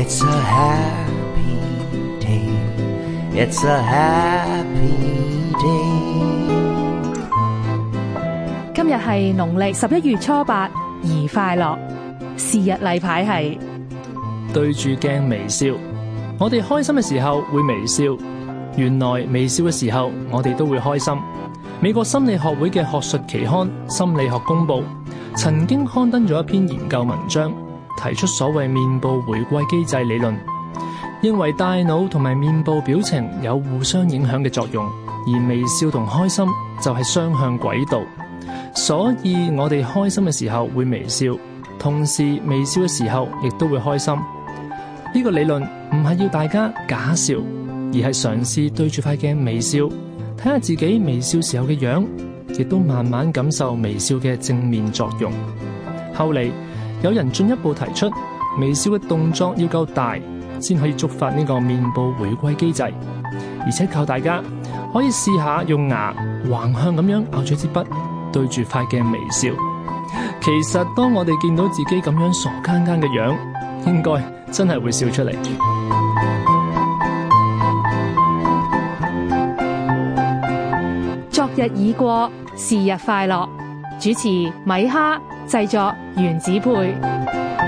it's it's a happy day it's a happy day 今日係農曆十一月初八，宜快樂。是日例牌係對住鏡微笑。我哋開心嘅時候會微笑，原來微笑嘅時候，我哋都會開心。美國心理學會嘅學術期刊《心理學公報》曾經刊登咗一篇研究文章。提出所謂面部回饋機制理論，認為大腦同埋面部表情有互相影響嘅作用，而微笑同開心就係雙向軌道。所以我哋開心嘅時候會微笑，同時微笑嘅時候亦都會開心。呢個理論唔係要大家假笑，而係嘗試對住塊鏡微笑，睇下自己微笑時候嘅樣，亦都慢慢感受微笑嘅正面作用。後嚟。有人進一步提出，微笑嘅動作要夠大，先可以觸發呢個面部回歸機制。而且靠大家可以試下用牙橫向咁樣咬住支筆，對住塊鏡微笑。其實當我哋見到自己咁樣傻更更嘅樣，應該真係會笑出嚟。昨日已過，是日快樂。主持米哈。製作原子配。